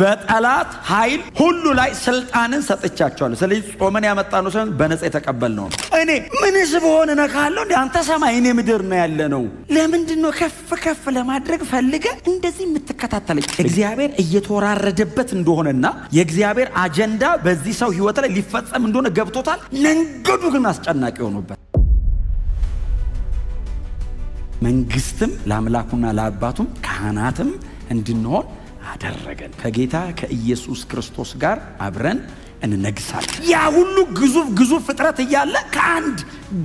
በጠላት ኃይል ሁሉ ላይ ስልጣንን ሰጥቻቸዋለሁ። ስለዚህ ጾመን ያመጣ ነው ሳይሆን በነጻ የተቀበል ነው። እኔ ምንስ በሆን እነካለሁ እንደ አንተ ሰማይ እኔ ምድር ነው ያለ ነው። ለምንድን ነው ከፍ ከፍ ለማድረግ ፈልገ እንደዚህ የምትከታተለኝ? እግዚአብሔር እየተወራረደበት እንደሆነና የእግዚአብሔር አጀንዳ በዚህ ሰው ህይወት ላይ ሊፈጸም እንደሆነ ገብቶታል። መንገዱ ግን አስጨናቂ የሆኑበት መንግስትም ለአምላኩና ለአባቱም ካህናትም እንድንሆን አደረገን። ከጌታ ከኢየሱስ ክርስቶስ ጋር አብረን እንነግሳለን። ያ ሁሉ ግዙፍ ግዙፍ ፍጥረት እያለ ከአንድ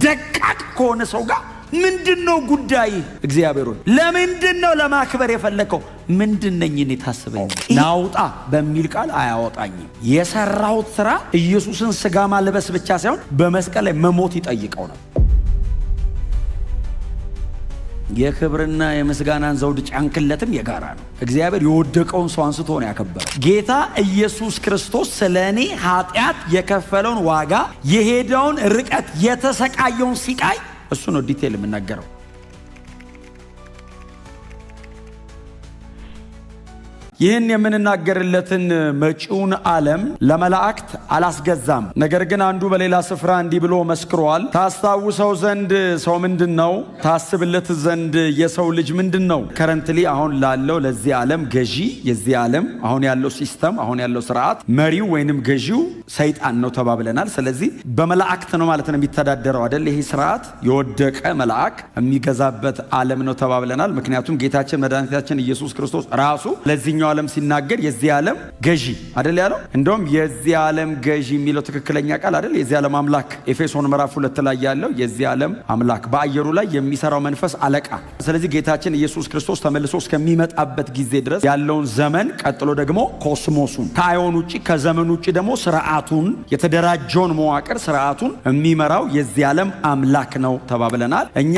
ደቃቅ ከሆነ ሰው ጋር ምንድን ነው ጉዳይ? እግዚአብሔሩን ለምንድን ነው ለማክበር የፈለከው? ምንድን ነኝ እኔ ታስበኝ ናውጣ በሚል ቃል አያወጣኝም። የሰራሁት ስራ ኢየሱስን ስጋ ማልበስ ብቻ ሳይሆን በመስቀል ላይ መሞት ይጠይቀው ነው። የክብርና የምስጋናን ዘውድ ጫንክለትም የጋራ ነው። እግዚአብሔር የወደቀውን ሰው አንስቶ ነው ያከበረ። ጌታ ኢየሱስ ክርስቶስ ስለ እኔ ኃጢአት የከፈለውን ዋጋ፣ የሄደውን ርቀት፣ የተሰቃየውን ሲቃይ እሱ ነው ዲቴል የምናገረው። ይህን የምንናገርለትን መጪውን ዓለም ለመላእክት አላስገዛም። ነገር ግን አንዱ በሌላ ስፍራ እንዲህ ብሎ መስክሯል። ታስታውሰው ዘንድ ሰው ምንድን ነው? ታስብለት ዘንድ የሰው ልጅ ምንድን ነው? ከረንትሊ አሁን ላለው ለዚህ ዓለም ገዢ የዚህ ዓለም አሁን ያለው ሲስተም አሁን ያለው ስርዓት መሪው ወይንም ገዢው ሰይጣን ነው ተባብለናል። ስለዚህ በመላእክት ነው ማለት ነው የሚተዳደረው አይደል? ይሄ ስርዓት የወደቀ መልአክ የሚገዛበት ዓለም ነው ተባብለናል። ምክንያቱም ጌታችን መድኃኒታችን ኢየሱስ ክርስቶስ ራሱ ለዚህኛው ዓለም ሲናገር የዚህ ዓለም ገዢ አደል ያለው። እንደውም የዚህ ዓለም ገዢ የሚለው ትክክለኛ ቃል አደል፣ የዚህ ዓለም አምላክ። ኤፌሶን ምዕራፍ ሁለት ላይ ያለው የዚህ ዓለም አምላክ፣ በአየሩ ላይ የሚሰራው መንፈስ አለቃ። ስለዚህ ጌታችን ኢየሱስ ክርስቶስ ተመልሶ እስከሚመጣበት ጊዜ ድረስ ያለውን ዘመን፣ ቀጥሎ ደግሞ ኮስሞሱን ከአዮን ውጭ ከዘመን ውጭ ደግሞ ስርዓቱን፣ የተደራጀውን መዋቅር ስርዓቱን የሚመራው የዚህ ዓለም አምላክ ነው ተባብለናል። እኛ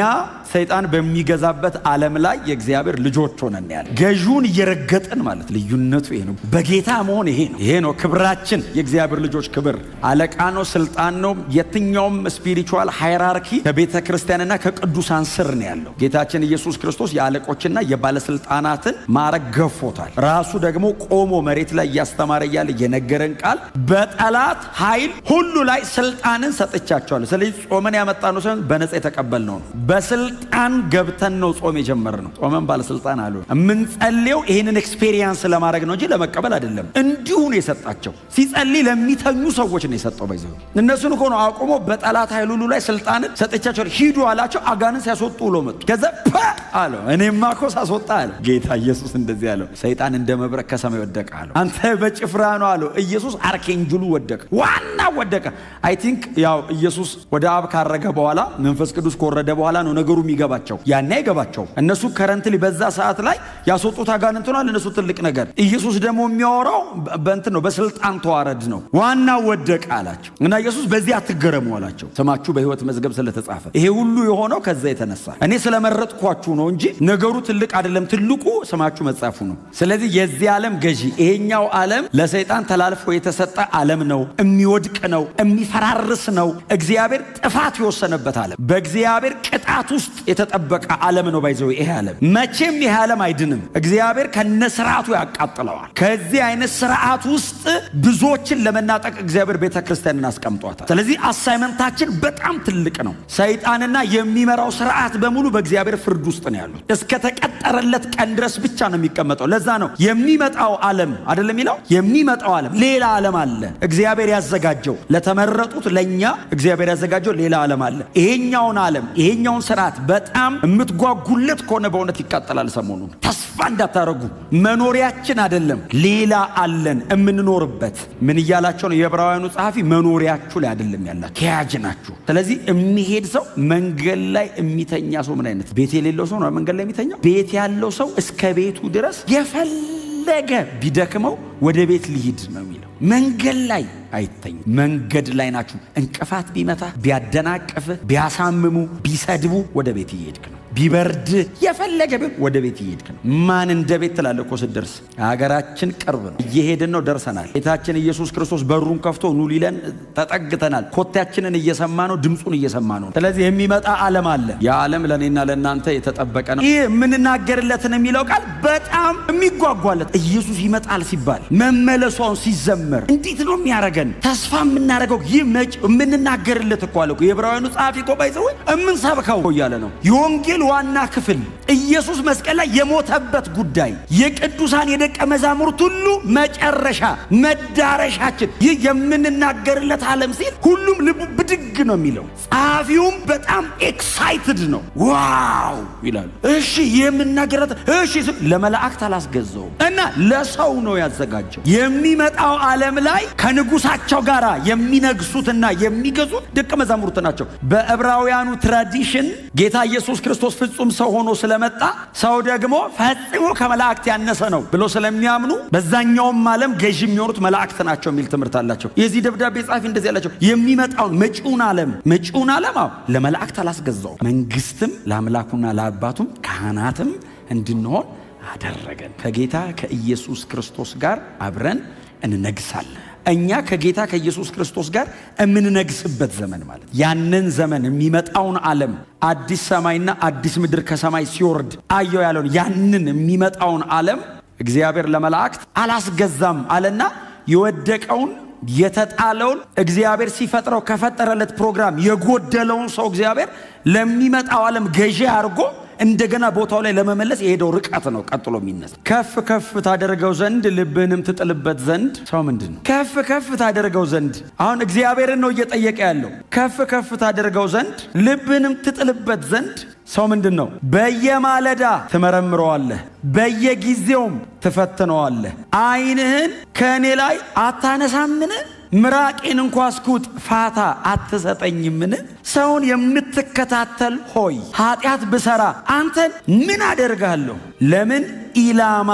ሰይጣን በሚገዛበት ዓለም ላይ የእግዚአብሔር ልጆች ሆነን ያለ ገዢውን እየረገጠን ማለት ማለት ልዩነቱ ይሄ ነው። በጌታ መሆን ይሄ ነው። ይሄ ነው ክብራችን፣ የእግዚአብሔር ልጆች ክብር። አለቃ ነው፣ ስልጣን ነው። የትኛውም ስፒሪቹዋል ሃይራርኪ ከቤተ ክርስቲያንና ከቅዱሳን ስር ነው ያለው። ጌታችን ኢየሱስ ክርስቶስ የአለቆችና የባለስልጣናትን ማረግ ገፎታል። ራሱ ደግሞ ቆሞ መሬት ላይ እያስተማረ እያለ የነገረን ቃል በጠላት ኃይል ሁሉ ላይ ስልጣንን ሰጥቻቸዋለሁ። ስለዚህ ጾመን ያመጣነው ሳይሆን በነጻ የተቀበልነው ነው። በስልጣን ገብተን ነው ጾም የጀመርነው። ጾመን ባለስልጣን አሉ የምንጸልየው ይህንን ኤክስፔሪየንስ ሪቨረንስ ለማድረግ ነው እንጂ ለመቀበል አይደለም። እንዲሁ ነው የሰጣቸው። ሲጸልይ ለሚተኙ ሰዎች ነው የሰጠው። በዚ እነሱን እኮ አቁሞ በጠላት ኃይል ሁሉ ላይ ስልጣንን ሰጥቻቸው ሂዱ አላቸው። አጋንን ሲያስወጡ ውሎ መጡ። ከዛ ፓ አለው እኔማ እኮ ሳስወጣ አለ ጌታ ኢየሱስ። እንደዚህ አለው ሰይጣን እንደ መብረቅ ከሰማይ ወደቀ አለው። አንተ በጭፍራ ነው አለው ኢየሱስ። አርኬንጅሉ ወደቀ፣ ዋና ወደቀ። አይ ቲንክ ያው ኢየሱስ ወደ አብ ካረገ በኋላ መንፈስ ቅዱስ ከወረደ በኋላ ነው ነገሩ የሚገባቸው። ያኔ አይገባቸውም። እነሱ ከረንትሊ በዛ ሰዓት ላይ ያስወጡት አጋንንት ሆኗል። እነሱ ትልቅ ነገር። ኢየሱስ ደግሞ የሚያወራው በእንትን ነው፣ በስልጣን ተዋረድ ነው። ዋና ወደቅ አላቸው እና ኢየሱስ በዚህ አትገረሙ አላቸው። ስማችሁ በሕይወት መዝገብ ስለተጻፈ ይሄ ሁሉ የሆነው ከዛ የተነሳ እኔ ስለመረጥኳችሁ ነው እንጂ ነገሩ ትልቅ አይደለም። ትልቁ ስማችሁ መጻፉ ነው። ስለዚህ የዚህ ዓለም ገዢ ይሄኛው ዓለም ለሰይጣን ተላልፎ የተሰጠ ዓለም ነው። የሚወድቅ ነው፣ የሚፈራርስ ነው። እግዚአብሔር ጥፋት የወሰነበት ዓለም፣ በእግዚአብሔር ቅጣት ውስጥ የተጠበቀ ዓለም ነው። ባይዘው ይሄ ዓለም መቼም ይሄ ዓለም አይድንም። እግዚአብሔር ከነስራ ስርዓቱ ያቃጥለዋል። ከዚህ አይነት ስርዓት ውስጥ ብዙዎችን ለመናጠቅ እግዚአብሔር ቤተ ክርስቲያንን አስቀምጧታል። ስለዚህ አሳይመንታችን በጣም ትልቅ ነው። ሰይጣንና የሚመራው ስርዓት በሙሉ በእግዚአብሔር ፍርድ ውስጥ ነው ያሉት። እስከተቀጠረለት ቀን ድረስ ብቻ ነው የሚቀመጠው። ለዛ ነው የሚመጣው ዓለም አይደለም የሚለው የሚመጣው ዓለም ሌላ ዓለም አለ። እግዚአብሔር ያዘጋጀው ለተመረጡት ለእኛ እግዚአብሔር ያዘጋጀው ሌላ ዓለም አለ። ይሄኛውን ዓለም ይሄኛውን ስርዓት በጣም የምትጓጉለት ከሆነ በእውነት ይቃጠላል። ሰሞኑን ተስፋ እንዳታደረጉ መኖር መኖሪያችን አይደለም፣ ሌላ አለን የምንኖርበት። ምን እያላቸው ነው? የዕብራውያኑ ጸሐፊ መኖሪያችሁ ላይ አይደለም ያላችሁ ተያያዥ ናችሁ። ስለዚህ የሚሄድ ሰው መንገድ ላይ የሚተኛ ሰው ምን አይነት ቤት የሌለው ሰው ነው መንገድ ላይ የሚተኛው? ቤት ያለው ሰው እስከ ቤቱ ድረስ የፈለገ ቢደክመው ወደ ቤት ሊሄድ ነው የሚለው። መንገድ ላይ አይተኝ መንገድ ላይ ናችሁ። እንቅፋት ቢመታ ቢያደናቅፍ ቢያሳምሙ ቢሰድቡ ወደ ቤት እየሄድክ ነው። ቢበርድ የፈለገ ብን ወደ ቤት እየሄድክ ነው። ማን እንደ ቤት ትላለህ እኮ ስትደርስ። ሀገራችን ቅርብ ነው፣ እየሄድን ነው፣ ደርሰናል። ጌታችን ኢየሱስ ክርስቶስ በሩን ከፍቶ ኑ ሊለን ተጠግተናል። ኮቴያችንን እየሰማ ነው፣ ድምፁን እየሰማ ነው። ስለዚህ የሚመጣ ዓለም አለ። ያ ዓለም ለእኔና ለእናንተ የተጠበቀ ነው። ይህ የምንናገርለትን የሚለው ቃል በጣም የሚጓጓለት ኢየሱስ ይመጣል ሲባል መመለሷን ሲዘመር እንዴት ነው የሚያደርገን? ተስፋ የምናደርገው ይህ መጭ የምንናገርለት እኮ አለ የዕብራውያኑ ጸሐፊ እኮ ባይዘወይ የምንሰብከው እያለ ነው። የወንጌል ዋና ክፍል ኢየሱስ መስቀል ላይ የሞተበት ጉዳይ የቅዱሳን የደቀ መዛሙርት ሁሉ መጨረሻ መዳረሻችን ይህ የምንናገርለት ዓለም ሲል ሁሉም ልቡ ብድግ ነው የሚለው ጸሐፊውም በጣም ኤክሳይትድ ነው። ዋው ይላሉ። እሺ የምናገርለት እሺ ለ ለመላእክት አላስገዛውም እና ለሰው ነው ያዘጋጀው። የሚመጣው ዓለም ላይ ከንጉሳቸው ጋር የሚነግሱትና የሚገዙት ደቀ መዛሙርት ናቸው። በዕብራውያኑ ትራዲሽን ጌታ ኢየሱስ ክርስቶስ ፍጹም ሰው ሆኖ ስለመጣ ሰው ደግሞ ፈጽሞ ከመላእክት ያነሰ ነው ብሎ ስለሚያምኑ በዛኛውም ዓለም ገዢ የሚሆኑት መላእክት ናቸው የሚል ትምህርት አላቸው። የዚህ ደብዳቤ ጻፊ እንደዚህ ያላቸው የሚመጣውን መጪውን ዓለም መጪውን ዓለም አዎ ለመላእክት አላስገዛውም። መንግስትም ለአምላኩና ለአባቱም ካህናትም እንድንሆን አደረገን። ከጌታ ከኢየሱስ ክርስቶስ ጋር አብረን እንነግሳለን። እኛ ከጌታ ከኢየሱስ ክርስቶስ ጋር የምንነግስበት ዘመን ማለት ያንን ዘመን የሚመጣውን ዓለም አዲስ ሰማይና አዲስ ምድር ከሰማይ ሲወርድ አየው ያለውን ያንን የሚመጣውን ዓለም እግዚአብሔር ለመላእክት አላስገዛም አለና የወደቀውን የተጣለውን እግዚአብሔር ሲፈጥረው ከፈጠረለት ፕሮግራም የጎደለውን ሰው እግዚአብሔር ለሚመጣው ዓለም ገዢ አድርጎ እንደገና ቦታው ላይ ለመመለስ የሄደው ርቀት ነው። ቀጥሎ የሚነሳ ከፍ ከፍ ታደርገው ዘንድ ልብንም ትጥልበት ዘንድ ሰው ምንድን ነው? ከፍ ከፍ ታደርገው ዘንድ አሁን እግዚአብሔርን ነው እየጠየቀ ያለው። ከፍ ከፍ ታደርገው ዘንድ ልብንም ትጥልበት ዘንድ ሰው ምንድን ነው? በየማለዳ ትመረምረዋለህ፣ በየጊዜውም ትፈትነዋለህ። ዓይንህን ከእኔ ላይ አታነሳምን? ምራቄን እንኳ ስኩት ፋታ አትሰጠኝምን? ሰውን የምትከታተል ሆይ ኃጢአት ብሰራ አንተን ምን አደርጋለሁ? ለምን ኢላማ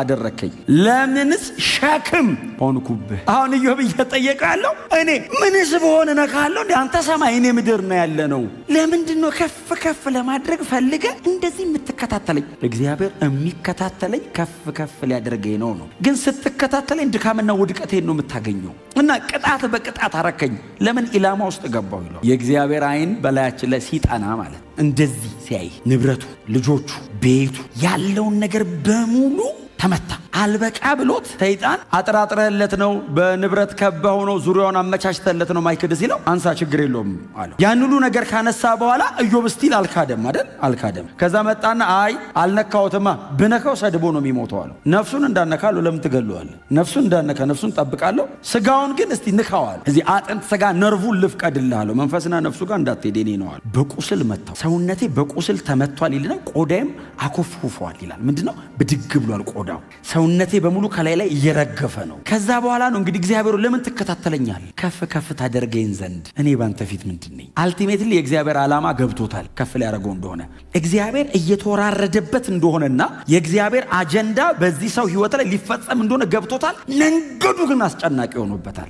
አደረከኝ? ለምንስ ሸክም ሆንኩብህ? አሁን ኢዮብ እየጠየቀ ያለው እኔ ምንስ በሆነ ነካለሁ? እንደ አንተ ሰማይ እኔ ምድር ነው ያለ ነው። ለምንድን ነው ከፍ ከፍ ለማድረግ ፈልገ እንደዚህ የምትከታተለኝ? እግዚአብሔር የሚከታተለኝ ከፍ ከፍ ሊያደርገኝ ነው ነው። ግን ስትከታተለኝ ድካምና ውድቀቴን ነው የምታገኘው። እና ቅጣት በቅጣት አረከኝ። ለምን ኢላማ ውስጥ ገባሁ ይለው። የእግዚአብሔር አይን በላያችን ላይ ሲጠና ማለት እንደዚህ ሲያይ ንብረቱ፣ ልጆቹ፣ ቤቱ ያለውን ነገር በሙሉ ተመታ። አልበቃ ብሎት ሰይጣን አጥራጥረለት ነው፣ በንብረት ከባ ሆኖ ዙሪያውን አመቻችተለት ነው ማይክድ ሲለው አንሳ ችግር የለውም አለው። ያን ሁሉ ነገር ካነሳ በኋላ እዮብ ስቲል አልካደም አይደል? አልካደም። ከዛ መጣና አይ አልነካሁትማ፣ ብነካው ሰድቦ ነው የሚሞተው አለው። ነፍሱን እንዳነካሉ ለምን ትገለዋል? ነፍሱን እንዳነካ ነፍሱን ጠብቃለሁ፣ ስጋውን ግን እስቲ ንካዋል። እዚህ አጥንት ስጋ ነርቡን ልፍቀድልሃለሁ፣ መንፈስና ነፍሱ ጋር እንዳትሄድ ነው ነዋል። በቁስል መታው ሰውነቴ በቁስል ተመቷል ይልና ቆዳይም አኮፍኩፏል ይላል። ምንድነው ብድግ ብሏል ቆዳው ሰውነቴ በሙሉ ከላይ ላይ እየረገፈ ነው። ከዛ በኋላ ነው እንግዲህ እግዚአብሔር ለምን ትከታተለኛል? ከፍ ከፍ ታደርገኝ ዘንድ እኔ ባንተ ፊት ምንድን ነኝ? አልቲሜትሊ የእግዚአብሔር ዓላማ ገብቶታል። ከፍ ሊያደርገው እንደሆነ እግዚአብሔር እየተወራረደበት እንደሆነና የእግዚአብሔር አጀንዳ በዚህ ሰው ህይወት ላይ ሊፈጸም እንደሆነ ገብቶታል። መንገዱ ግን አስጨናቂ ሆኖበታል።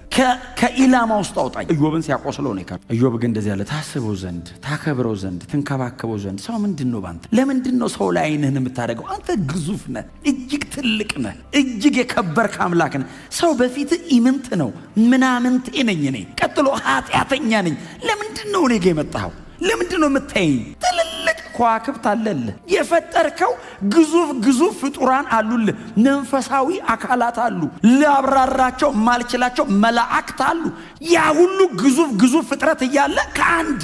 ከኢላማ ውስጥ አውጣኝ። እዮብን ሲያቆስለው ነው። እዮብ ግን እንደዚህ ያለ ታስበው ዘንድ ታከብረው ዘንድ ትንከባከበው ዘንድ ሰው ምንድን ነው ባንተ? ለምንድን ነው ሰው ላይ አይንህን የምታደርገው? አንተ ግዙፍ ነህ፣ እጅግ ትልቅ ነህ፣ እጅግ የከበርክ አምላክ ነህ። ሰው በፊት ኢምንት ነው ምናምንቴ ነኝ እኔ፣ ቀጥሎ ኃጢአተኛ ነኝ። ለምንድን ነው እኔ ጋ የመጣኸው? ለምንድን ነው የምታየኝ? ትልልቅ ከዋክብት አለልህ፣ የፈጠርከው ግዙፍ ግዙፍ ፍጡራን አሉልህ፣ መንፈሳዊ አካላት አሉ፣ ላብራራቸው ማልችላቸው መላእክት አሉ። ያ ሁሉ ግዙፍ ግዙፍ ፍጥረት እያለ ከአንድ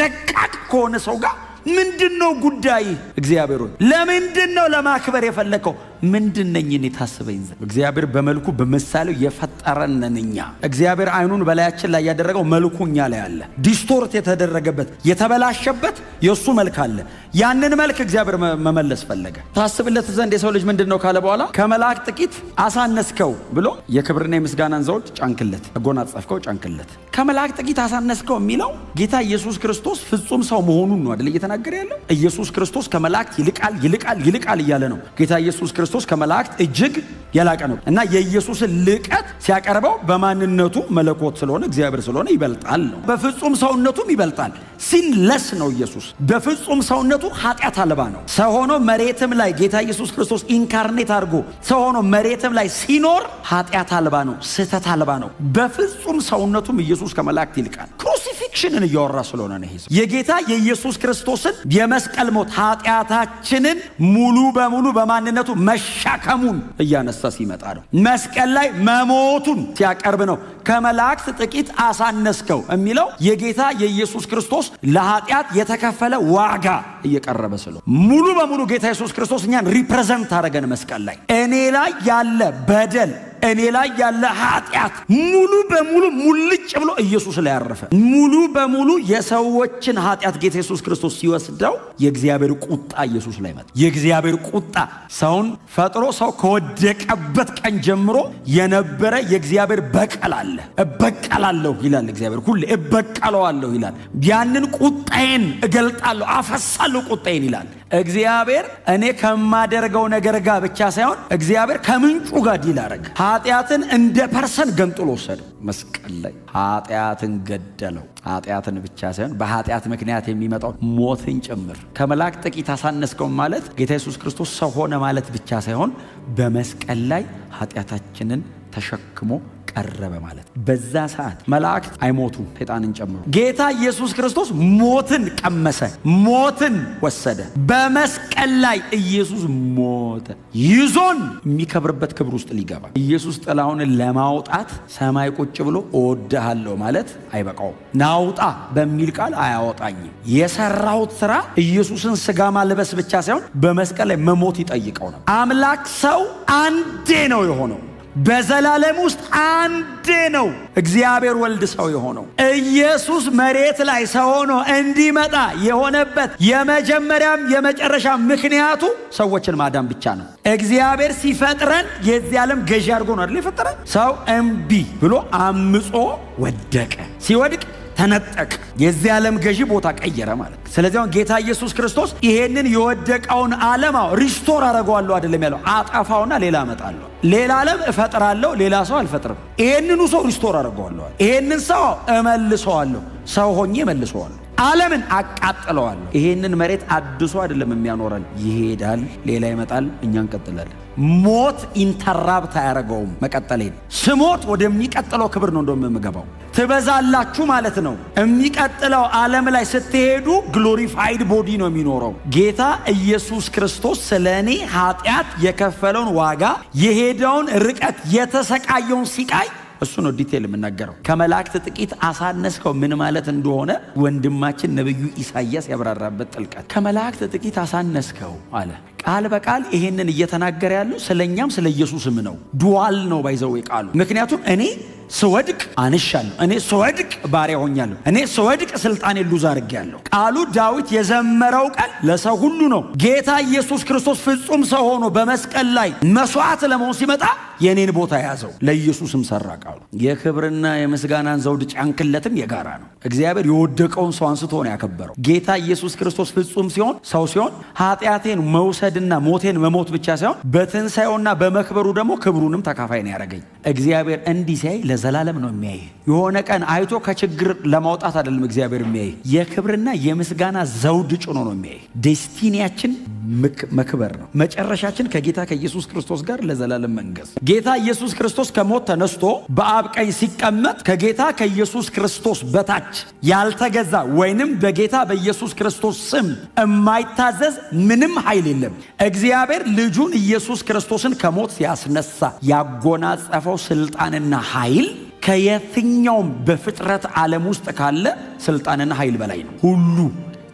ደቃቅ ከሆነ ሰው ጋር ምንድን ነው ጉዳይ? እግዚአብሔሩን ለምንድን ነው ለማክበር የፈለከው? ምንድን ነኝ እኔ ታስበኝ ዘንድ? እግዚአብሔር በመልኩ በምሳሌው የፈጠረንን እኛ እግዚአብሔር አይኑን በላያችን ላይ ያደረገው መልኩ እኛ ላይ አለ። ዲስቶርት የተደረገበት የተበላሸበት የእሱ መልክ አለ። ያንን መልክ እግዚአብሔር መመለስ ፈለገ። ታስብለት ዘንድ የሰው ልጅ ምንድን ነው ካለ በኋላ ከመላእክ ጥቂት አሳነስከው ብሎ የክብርና የምስጋናን ዘውድ ጫንክለት፣ አጎናጸፍከው፣ ጫንክለት። ከመላእክ ጥቂት አሳነስከው የሚለው ጌታ ኢየሱስ ክርስቶስ ፍጹም ሰው መሆኑን ነው አይደል እየተናገረ ያለው። ኢየሱስ ክርስቶስ ከመላእክት ይልቃል ይልቃል ይልቃል እያለ ነው። ጌታ ኢየሱስ ክርስቶስ ከመላእክት እጅግ የላቀ ነው እና የኢየሱስን ልቀት ሲያቀርበው በማንነቱ መለኮት ስለሆነ እግዚአብሔር ስለሆነ ይበልጣል ነው። በፍጹም ሰውነቱም ይበልጣል ሲለስ ነው ኢየሱስ በፍጹም ሰውነቱ ሰውነቱ ኃጢአት አልባ ነው። ሰው ሆኖ መሬትም ላይ ጌታ ኢየሱስ ክርስቶስ ኢንካርኔት አድርጎ ሰው ሆኖ መሬትም ላይ ሲኖር ኃጢአት አልባ ነው፣ ስህተት አልባ ነው። በፍጹም ሰውነቱም ኢየሱስ ከመላእክት ይልቃል። ኃጢአታችንን እያወራ ስለሆነ ነው። ይሄ የጌታ የኢየሱስ ክርስቶስን የመስቀል ሞት ኃጢአታችንን ሙሉ በሙሉ በማንነቱ መሻከሙን እያነሳ ሲመጣ ነው። መስቀል ላይ መሞቱን ሲያቀርብ ነው። ከመላእክት ጥቂት አሳነስከው የሚለው የጌታ የኢየሱስ ክርስቶስ ለኃጢአት የተከፈለ ዋጋ እየቀረበ ስለ ሙሉ በሙሉ ጌታ ኢየሱስ ክርስቶስ እኛን ሪፕሬዘንት አደረገን መስቀል ላይ እኔ ላይ ያለ በደል እኔ ላይ ያለ ኃጢአት ሙሉ በሙሉ ሙልጭ ብሎ ኢየሱስ ላይ ያረፈ ሙሉ በሙሉ የሰዎችን ኃጢአት ጌታ ኢየሱስ ክርስቶስ ሲወስደው የእግዚአብሔር ቁጣ ኢየሱስ ላይ መጣ። የእግዚአብሔር ቁጣ ሰውን ፈጥሮ ሰው ከወደቀበት ቀን ጀምሮ የነበረ የእግዚአብሔር በቀል አለ። እበቀላለሁ ይላል እግዚአብሔር፣ ሁሌ እበቀለዋለሁ ይላል። ያንን ቁጣዬን እገልጣለሁ፣ አፈሳለሁ ቁጣዬን ይላል እግዚአብሔር። እኔ ከማደርገው ነገር ጋር ብቻ ሳይሆን እግዚአብሔር ከምንጩ ጋር ዲል አረገ ኃጢአትን እንደ ፐርሰን ገንጥሎ ወሰደው። መስቀል ላይ ኃጢአትን ገደለው። ኃጢአትን ብቻ ሳይሆን በኃጢአት ምክንያት የሚመጣው ሞትን ጭምር ከመላክ ጥቂት አሳነስከው ማለት ጌታ ኢየሱስ ክርስቶስ ሰው ሆነ ማለት ብቻ ሳይሆን በመስቀል ላይ ኃጢአታችንን ተሸክሞ ቀረበ ማለት በዛ ሰዓት መላእክት አይሞቱም፣ ሴጣንን ጨምሮ። ጌታ ኢየሱስ ክርስቶስ ሞትን ቀመሰ፣ ሞትን ወሰደ። በመስቀል ላይ ኢየሱስ ሞተ፣ ይዞን የሚከብርበት ክብር ውስጥ ሊገባ ኢየሱስ ጥላውን ለማውጣት ሰማይ ቁጭ ብሎ እወድሃለሁ ማለት አይበቃውም። ናውጣ በሚል ቃል አያወጣኝም። የሰራሁት ስራ ኢየሱስን ስጋ ማልበስ ብቻ ሳይሆን በመስቀል ላይ መሞት ይጠይቀው ነው። አምላክ ሰው አንዴ ነው የሆነው በዘላለም ውስጥ አንዴ ነው እግዚአብሔር ወልድ ሰው የሆነው። ኢየሱስ መሬት ላይ ሰው ሆኖ እንዲመጣ የሆነበት የመጀመሪያም የመጨረሻ ምክንያቱ ሰዎችን ማዳን ብቻ ነው። እግዚአብሔር ሲፈጥረን የዚህ ዓለም ገዢ አድርጎ ነው አይደል የፈጠረን። ሰው እምቢ ብሎ አምጾ ወደቀ። ሲወድቅ ተነጠቅ። የዚህ ዓለም ገዢ ቦታ ቀየረ ማለት። ስለዚህ አሁን ጌታ ኢየሱስ ክርስቶስ ይሄንን የወደቀውን ዓለም አዎ ሪስቶር አደረገዋለሁ አይደለም ያለው፣ አጠፋውና ሌላ አመጣለሁ፣ ሌላ ዓለም እፈጥራለሁ፣ ሌላ ሰው አልፈጥርም። ይሄንኑ ሰው ሪስቶር አደረገዋለሁ፣ ይሄንን ሰው እመልሰዋለሁ፣ ሰው ሆኜ እመልሰዋለሁ፣ ዓለምን አቃጥለዋል። ይሄንን መሬት አድሶ አይደለም የሚያኖረን፣ ይሄዳል፣ ሌላ ይመጣል፣ እኛ እንቀጥላለን። ሞት ኢንተራብት አያደርገውም። መቀጠሌን ስሞት ወደሚቀጥለው ክብር ነው እንደውም የምገባው ትበዛላችሁ ማለት ነው። የሚቀጥለው ዓለም ላይ ስትሄዱ ግሎሪፋይድ ቦዲ ነው የሚኖረው። ጌታ ኢየሱስ ክርስቶስ ስለ እኔ ኃጢአት የከፈለውን ዋጋ የሄደውን ርቀት የተሰቃየውን ሲቃይ እሱ ነው ዲቴል የምናገረው። ከመላእክት ጥቂት አሳነስከው ምን ማለት እንደሆነ ወንድማችን ነብዩ ኢሳያስ ያብራራበት ጥልቀት። ከመላእክት ጥቂት አሳነስከው አለ ቃል በቃል ይሄንን እየተናገረ ያለው ስለኛም ስለ ኢየሱስም ነው። ዱዋል ነው ባይዘው ቃሉ ምክንያቱም እኔ ስወድቅ አንሻለሁ። እኔ ስወድቅ ባሪያ ሆኛለሁ። እኔ ስወድቅ ስልጣኔ ሉዝ አድርጌያለሁ። ቃሉ ዳዊት የዘመረው ቃል ለሰው ሁሉ ነው። ጌታ ኢየሱስ ክርስቶስ ፍጹም ሰው ሆኖ በመስቀል ላይ መስዋዕት ለመሆን ሲመጣ የእኔን ቦታ የያዘው ለኢየሱስም ሰራ ቃሉ። የክብርና የምስጋናን ዘውድ ጫንክለትም የጋራ ነው። እግዚአብሔር የወደቀውን ሰው አንስቶ ነው ያከበረው። ጌታ ኢየሱስ ክርስቶስ ፍጹም ሲሆን ሰው ሲሆን ኃጢአቴን መውሰድና ሞቴን መሞት ብቻ ሳይሆን በትንሣኤውና በመክበሩ ደግሞ ክብሩንም ተካፋይ ነው ያደረገኝ። እግዚአብሔር እንዲህ ሲያይ ለዘላለም ነው የሚያይ። የሆነ ቀን አይቶ ከችግር ለማውጣት አይደለም እግዚአብሔር የሚያይ፣ የክብርና የምስጋና ዘውድ ጭኖ ነው የሚያይ። ዴስቲኒያችን መክበር ነው። መጨረሻችን ከጌታ ከኢየሱስ ክርስቶስ ጋር ለዘላለም መንገስ። ጌታ ኢየሱስ ክርስቶስ ከሞት ተነስቶ በአብ ቀኝ ሲቀመጥ ከጌታ ከኢየሱስ ክርስቶስ በታች ያልተገዛ ወይንም በጌታ በኢየሱስ ክርስቶስ ስም የማይታዘዝ ምንም ኃይል የለም። እግዚአብሔር ልጁን ኢየሱስ ክርስቶስን ከሞት ሲያስነሳ ያጎናጸፈው ስልጣንና ኃይል ከየትኛውም በፍጥረት ዓለም ውስጥ ካለ ስልጣንና ኃይል በላይ ነው። ሁሉ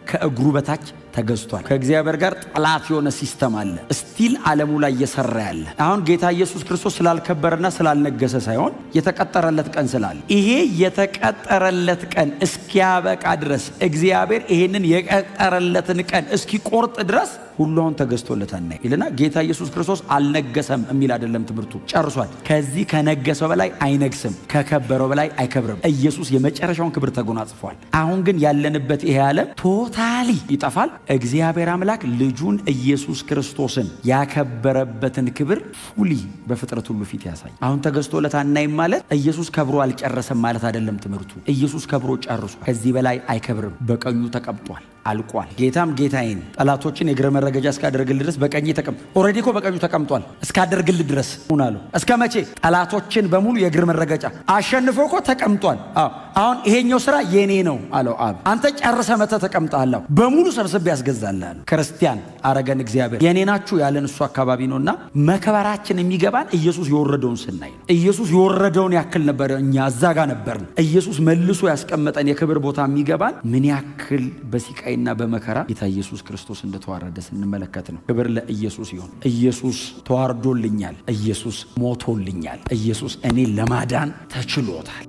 ከእግሩ በታች ተገዝቷል። ከእግዚአብሔር ጋር ጠላት የሆነ ሲስተም አለ ስቲል ዓለሙ ላይ እየሰራ ያለ። አሁን ጌታ ኢየሱስ ክርስቶስ ስላልከበረና ስላልነገሰ ሳይሆን የተቀጠረለት ቀን ስላለ ይሄ የተቀጠረለት ቀን እስኪያበቃ ድረስ እግዚአብሔር ይሄንን የቀጠረለትን ቀን እስኪቆርጥ ድረስ ሁሉ አሁን ተገዝቶለታል ይልና ጌታ ኢየሱስ ክርስቶስ አልነገሰም የሚል አይደለም ትምህርቱ ጨርሷል። ከዚህ ከነገሰው በላይ አይነግስም፣ ከከበረው በላይ አይከብርም። ኢየሱስ የመጨረሻውን ክብር ተጎናጽፏል። አሁን ግን ያለንበት ይሄ ዓለም ቶታሊ ይጠፋል። እግዚአብሔር አምላክ ልጁን ኢየሱስ ክርስቶስን ያከበረበትን ክብር ፉሊ በፍጥረት ሁሉ ፊት ያሳይ። አሁን ተገዝቶለት አናይም ማለት ኢየሱስ ከብሮ አልጨረሰም ማለት አይደለም ትምህርቱ። ኢየሱስ ከብሮ ጨርሷል። ከዚህ በላይ አይከብርም። በቀኙ ተቀምጧል። አልቋል። ጌታም ጌታዬን ጠላቶችን የእግረ መረገጃ እስካደርግል ድረስ በቀኝ ተቀም ኦልሬዲ እኮ በቀኙ ተቀምጧል። እስካደርግል ድረስ ሁን አለው። እስከ መቼ? ጠላቶችን በሙሉ የእግር መረገጫ አሸንፎ እኮ ተቀምጧል። አሁን ይሄኛው ስራ የኔ ነው አለው አብ። አንተ ጨርሰ መተ ተቀምጣለሁ በሙሉ ሰብስብ ያስገዛልሃል። ክርስቲያን አረገን እግዚአብሔር የኔ ናችሁ ያለን እሱ አካባቢ ነውና መከበራችን የሚገባን ኢየሱስ የወረደውን ስናይ ነው። ኢየሱስ የወረደውን ያክል ነበር እኛ እዛ ጋ ነበርን። ኢየሱስ መልሶ ያስቀመጠን የክብር ቦታ የሚገባን ምን ያክል በሲቃይና በመከራ ጌታ ኢየሱስ ክርስቶስ እንደተዋረደ ስንመለከት ነው። ክብር ለኢየሱስ ይሁን። ኢየሱስ ተዋርዶልኛል። ኢየሱስ ሞቶልኛል። ኢየሱስ እኔ ለማዳን ተችሎታል።